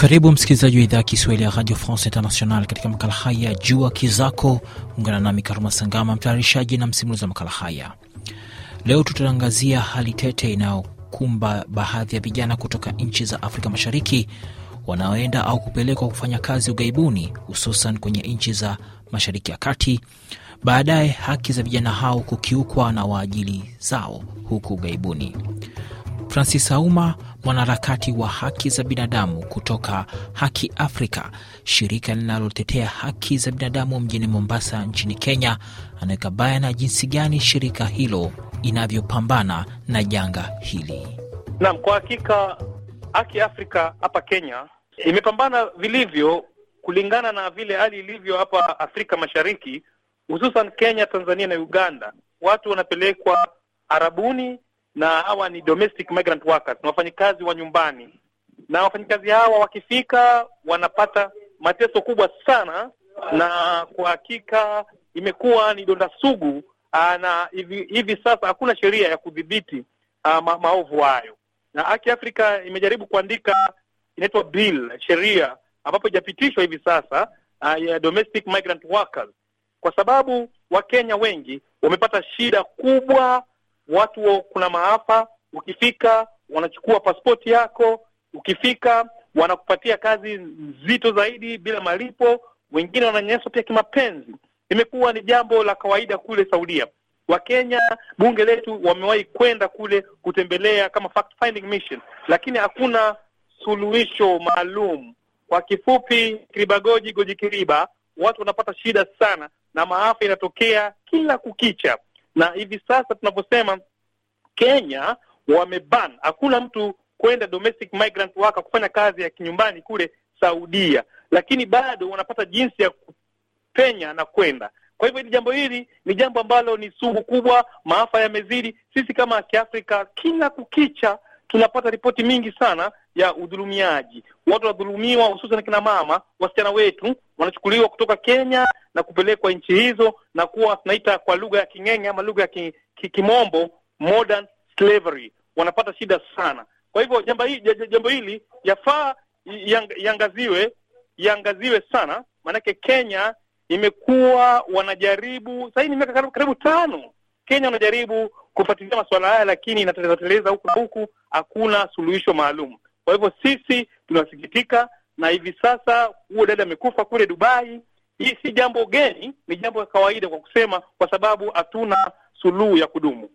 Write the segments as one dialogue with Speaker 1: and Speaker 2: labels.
Speaker 1: Karibu msikilizaji wa idhaa ya Kiswahili ya Radio France International katika makala haya Jua Kizako. Ungana nami Karuma Sangama, mtayarishaji na msimulizi wa makala haya. Leo tutaangazia hali tete inayokumba baadhi ya vijana kutoka nchi za Afrika Mashariki wanaoenda au kupelekwa kufanya kazi ughaibuni, hususan kwenye nchi za Mashariki ya Kati, baadaye haki za vijana hao kukiukwa na waajili zao huku ughaibuni. Francis Auma, mwanaharakati wa haki za binadamu kutoka Haki Afrika, shirika linalotetea haki za binadamu mjini Mombasa nchini Kenya, anaweka baya na jinsi gani shirika hilo inavyopambana na janga
Speaker 2: hili. nam kwa hakika Haki Afrika hapa Kenya imepambana vilivyo kulingana na vile hali ilivyo hapa Afrika Mashariki, hususan Kenya, Tanzania na Uganda. Watu wanapelekwa arabuni na hawa ni domestic migrant workers, ni wafanyikazi wa nyumbani, na wafanyikazi hawa wakifika wanapata mateso kubwa sana, na kwa hakika imekuwa ni donda sugu ah, na hivi, hivi sasa hakuna sheria ya kudhibiti ah, ma, maovu hayo, na Haki Afrika imejaribu kuandika inaitwa bill sheria ambapo ijapitishwa hivi sasa ah, ya domestic migrant workers, kwa sababu Wakenya wengi wamepata shida kubwa watu, kuna maafa, ukifika wanachukua pasipoti yako, ukifika wanakupatia kazi nzito zaidi bila malipo, wengine wananyanyaswa pia kimapenzi. Imekuwa ni jambo la kawaida kule Saudia. Wakenya bunge letu wamewahi kwenda kule kutembelea kama fact finding mission, lakini hakuna suluhisho maalum. Kwa kifupi, kiriba goji goji kiriba, watu wanapata shida sana na maafa inatokea kila kukicha na hivi sasa tunavyosema, Kenya wameban hakuna mtu kwenda domestic migrant waka kufanya kazi ya kinyumbani kule Saudia, lakini bado wanapata jinsi ya kupenya na kwenda. Kwa hivyo hili jambo hili ni jambo ambalo ni sugu kubwa, maafa yamezidi. Sisi kama Kiafrika kila kukicha tunapata ripoti mingi sana ya udhulumiaji, watu wadhulumiwa, hususan kina mama, wasichana wetu wanachukuliwa kutoka Kenya na kupelekwa nchi hizo na kuwa tunaita kwa lugha ya king'enge ama lugha ya ki, ki, kimombo modern slavery. Wanapata shida sana. Kwa hivyo jambo hili yafaa yang, yangaziwe yangaziwe sana, maanake Kenya imekuwa wanajaribu sasa, ni miaka karibu, karibu tano Kenya wanajaribu kufuatilia masuala haya, lakini inatelezateleza huku huku, hakuna suluhisho maalum. Kwa hivyo sisi tunasikitika, na hivi sasa huo dada amekufa kule Dubai hii si jambo geni, ni jambo la kawaida kwa kusema, kwa sababu hatuna suluhu ya kudumu.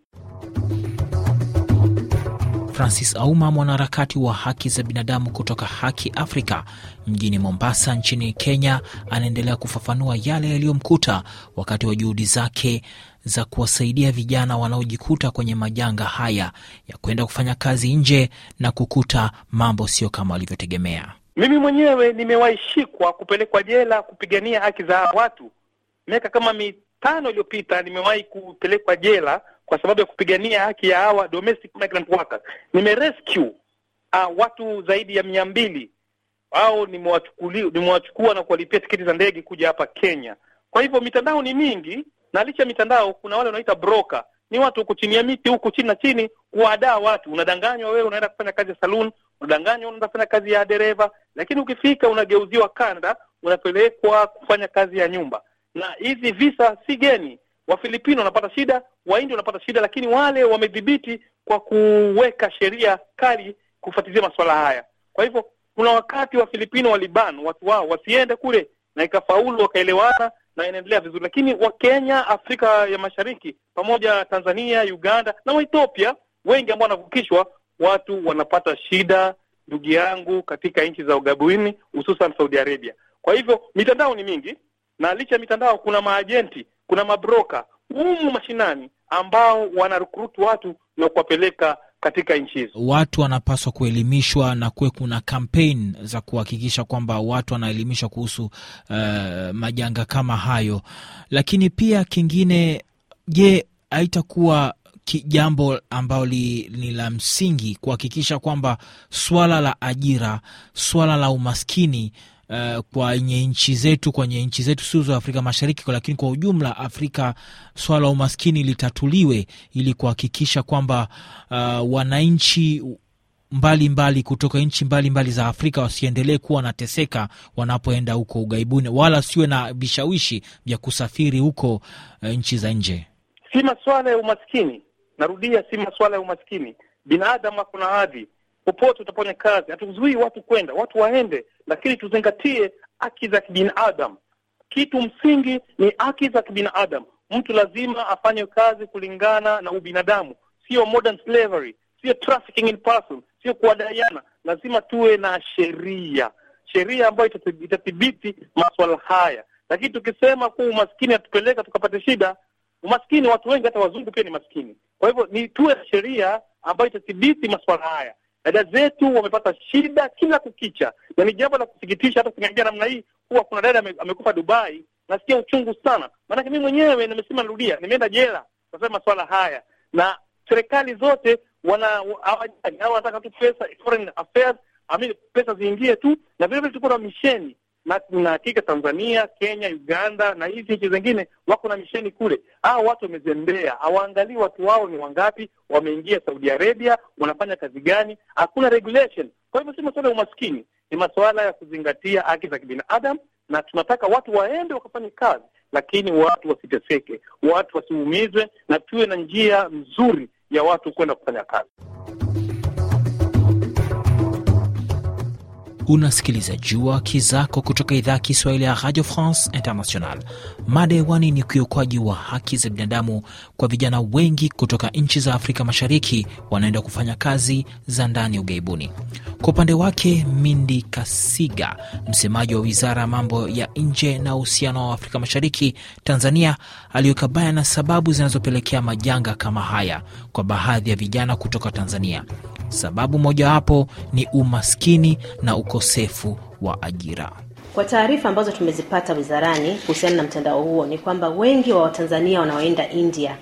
Speaker 1: Francis Auma, mwanaharakati wa haki za binadamu kutoka Haki Afrika mjini Mombasa nchini Kenya, anaendelea kufafanua yale yaliyomkuta wakati wa juhudi zake za kuwasaidia vijana wanaojikuta kwenye majanga haya ya kwenda kufanya kazi nje na kukuta mambo sio kama walivyotegemea.
Speaker 2: Mimi mwenyewe nimewaishikwa kupelekwa jela kupigania haki za watu. Miaka kama mitano iliyopita nimewahi kupelekwa jela kwa sababu ya kupigania haki ya hawa domestic migrant workers. Nimerescue uh, watu zaidi ya mia mbili au nimewachukua na kuwalipia tiketi za ndege kuja hapa Kenya. Kwa hivyo mitandao ni mingi, na licha ya mitandao kuna wale wanaita broker, ni watu huku chini ya miti huku chini na chini kuwadaa watu. Unadanganywa wewe unaenda kufanya kazi ya saloon, unadanganywa, kufanya kazi ya dereva, lakini ukifika unageuziwa kanda, unapelekwa kufanya kazi ya nyumba. Na hizi visa si geni. Wafilipino wanapata shida, waindi wanapata shida, lakini wale wamedhibiti kwa kuweka sheria kali kufuatilia masuala haya. Kwa hivyo kuna wakati Wafilipino waliban watu wao wasiende kule, na ikafaulu wakaelewana na inaendelea vizuri, lakini Wakenya, Afrika ya Mashariki pamoja Tanzania, Uganda na Waethiopia wengi ambao wanavukishwa watu wanapata shida, ndugu yangu, katika nchi za ugabuini hususan Saudi Arabia. Kwa hivyo mitandao ni mingi, na licha ya mitandao, kuna maajenti, kuna mabroka humu mashinani ambao wanarukurutu watu na kuwapeleka katika nchi hizo.
Speaker 1: Watu wanapaswa kuelimishwa na kuwe kuna kampen za kuhakikisha kwamba watu wanaelimishwa kuhusu uh, majanga kama hayo. Lakini pia kingine, je, haitakuwa jambo ambalo ni la msingi kuhakikisha kwamba swala la ajira, swala la umaskini Uh, eh, kwenye nchi zetu kwenye nchi zetu sio za Afrika Mashariki, lakini kwa ujumla Afrika, swala la umaskini litatuliwe ili kuhakikisha kwamba uh, wananchi mbalimbali mbali kutoka nchi mbalimbali za Afrika wasiendelee kuwa wanateseka wanapoenda huko ughaibuni wala siwe na vishawishi vya kusafiri huko uh, nchi za nje.
Speaker 2: Si masuala ya umaskini, Narudia, si masuala ya umaskini, binadamu ako na hadhi popote utafanya kazi. Hatuzuii watu kwenda, watu waende, lakini tuzingatie haki za kibinadamu. Kitu msingi ni haki za kibinadamu. Mtu lazima afanye kazi kulingana na ubinadamu, sio modern slavery, sio trafficking in person, sio kuwadaiana. Lazima tuwe na sheria, sheria ambayo itathibiti maswala haya. Lakini tukisema kuwa umaskini atupeleka tukapata shida, umaskini. Watu wengi hata wazungu pia ni maskini. Kwa hivyo ni tuwe na sheria ambayo itathibiti masuala haya. Dada zetu wamepata shida kila kukicha, na ni jambo la kusikitisha. Hata ukiniambia namna hii kuwa kuna dada amekufa Dubai, nasikia uchungu sana, maanake mi mwenyewe nimesema, narudia, nimeenda jela nasema masuala haya, na serikali zote wana wanataka tu pesa, foreign affairs, amini pesa ziingie tu, na vilevile tuko na misheni na, na hakika Tanzania, Kenya, Uganda na hizi nchi zingine wako na misheni kule. Hao watu wamezembea, hawaangalii watu wao ni wangapi, wameingia Saudi Arabia, wanafanya kazi gani? Hakuna regulation. Kwa hivyo si masuala ya umaskini, ni masuala ya kuzingatia haki za kibinadamu, na tunataka watu waende wakafanye kazi, lakini watu wasiteseke, watu wasiumizwe, na tuwe na njia nzuri ya watu kwenda kufanya kazi.
Speaker 1: Unasikiliza Jua Kizako kutoka idhaa ya Kiswahili ya Radio France International. Mada hewani ni ukiukwaji wa haki za binadamu kwa vijana wengi kutoka nchi za Afrika Mashariki wanaenda kufanya kazi za ndani ugaibuni Kwa upande wake, Mindi Kasiga, msemaji wa wizara ya mambo ya nje na uhusiano wa Afrika Mashariki Tanzania, aliweka na sababu zinazopelekea majanga kama haya kwa baadhi ya vijana kutoka Tanzania. Sababu mojawapo ni umaskini na ukosefu wa ajira.
Speaker 3: Kwa taarifa ambazo tumezipata wizarani kuhusiana na mtandao huo ni kwamba wengi wa Watanzania wanaoenda India,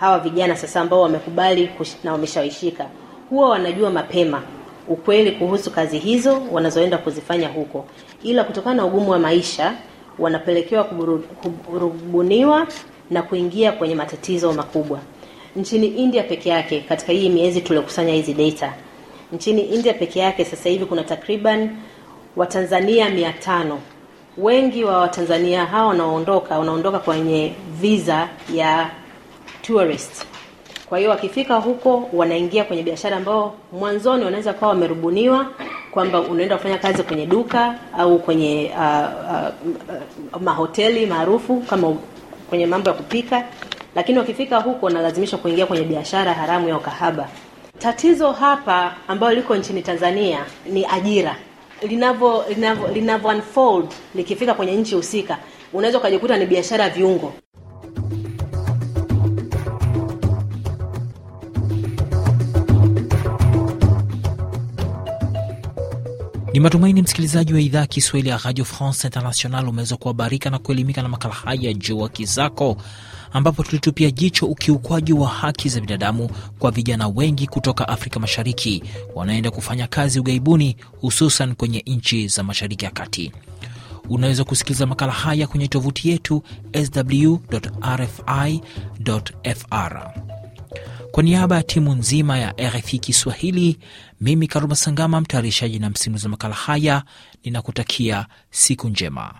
Speaker 3: hawa vijana sasa ambao wamekubali na wameshawishika, huwa wanajua mapema ukweli kuhusu kazi hizo wanazoenda kuzifanya huko, ila kutokana na ugumu wa maisha wanapelekewa kuburubuniwa na kuingia kwenye matatizo makubwa nchini India peke yake katika hii miezi tuliokusanya hizi data nchini India peke yake sasa hivi kuna takriban Watanzania mia tano. Wengi wa Watanzania hawa wanaoondoka wanaondoka kwenye visa ya tourist. Kwa hiyo wakifika huko wanaingia kwenye biashara ambao mwanzoni wanaweza kuwa wamerubuniwa kwamba unaenda kufanya kazi kwenye duka au kwenye uh, uh, uh, mahoteli maarufu kama kwenye mambo ya kupika lakini wakifika huko wanalazimishwa kuingia kwenye biashara haramu ya ukahaba. Tatizo hapa ambayo liko nchini Tanzania ni ajira linavyo linavyo unfold likifika kwenye nchi husika, unaweza ukajikuta ni biashara ya viungo.
Speaker 1: Ni matumaini msikilizaji wa idhaa Kiswahili ya Radio France International umeweza kuhabarika na kuelimika na makala haya juu ya kizako ambapo tulitupia jicho ukiukwaji wa haki za binadamu kwa vijana wengi kutoka Afrika Mashariki wanaenda kufanya kazi ughaibuni, hususan kwenye nchi za Mashariki ya Kati. Unaweza kusikiliza makala haya kwenye tovuti yetu sw.rfi.fr. Kwa niaba ya timu nzima ya RFI Kiswahili, mimi Karuma Sangama, mtayarishaji na msimuzi wa makala haya, ninakutakia siku njema.